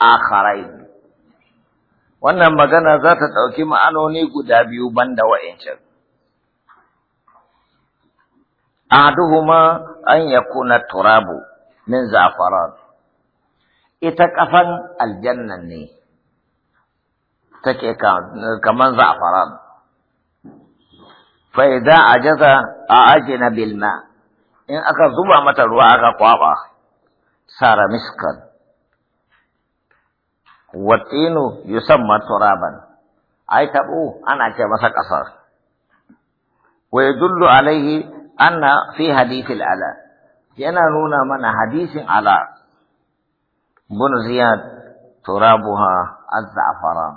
akharai wannan magana za ta ɗauki ma'anoni guda biyu banda wa'incan aduhuma an yakuna turabu min zafaran ita kafan aljannan ne take kaman zafaran fa a jaza a ajina bil ma in aka zuba mata ruwa aka kwaba صار مسكا والطين يسمى ترابا أي تبو أنا كمسك أثر ويدل عليه أن في حديث العلاء ينالون من حديث على بن زياد ترابها الزعفران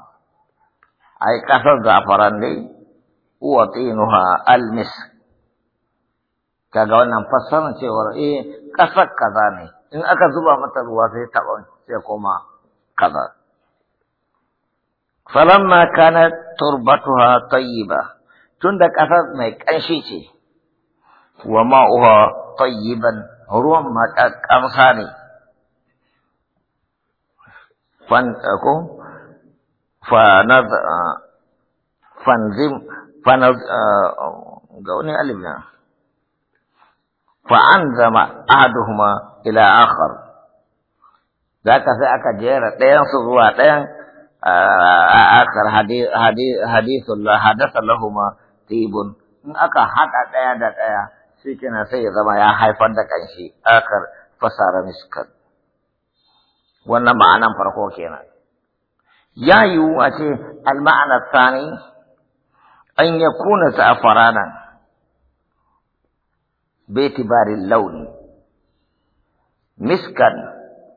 أي كثر زعفران لي وطينها المسك كقولنا فسرنا شيء ايه كثر كذا in aka zuba mata ruwa sai taɓa sai koma kaza falamma kana turbatuha tayyiba tunda ƙasar mai ƙanshi ce wa ma'uha tayyiban ruwan maƙaƙƙamsa ne eh, ko eh, fanzim eh, ga wani ba, na zama ahaduhuma الى اخر ذاك ذاك جير دين سوا دين آه، آه، اخر حديث حديث الله حدث لهما طيب اكا حتى دايا دايا سيكنا سي زما يا هاي فندك انشي اخر فصار مسكت وانا معنا فرقو كينا يا يو اتي المعنى الثاني ان يكون سافرانا باعتبار اللون مسكن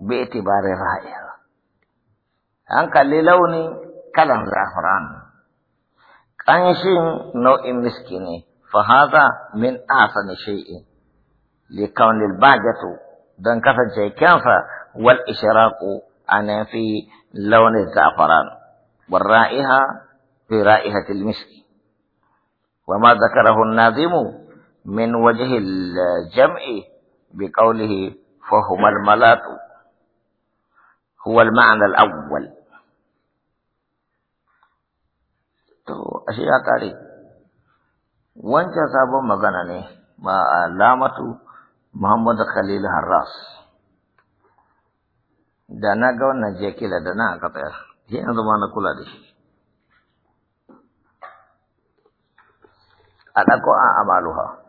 باعتبار رائحة أنك للوني كلام زعفران أنشين نوء مسكين فهذا من أحسن شيء لكون الباجة دن كفن شيء كنفا والإشراق أنا في لون الزعفران والرائحة في رائحة المسك وما ذكره الناظم من وجه الجمع بقوله فهما الملاط هو المعنى الأول تو أشياء كاري وانجا سابو مغناني ما علامت محمد خليل حراس دانا گو نجيكي لدنا قطير هي دمانا كلا دي أدقو آ أمالوها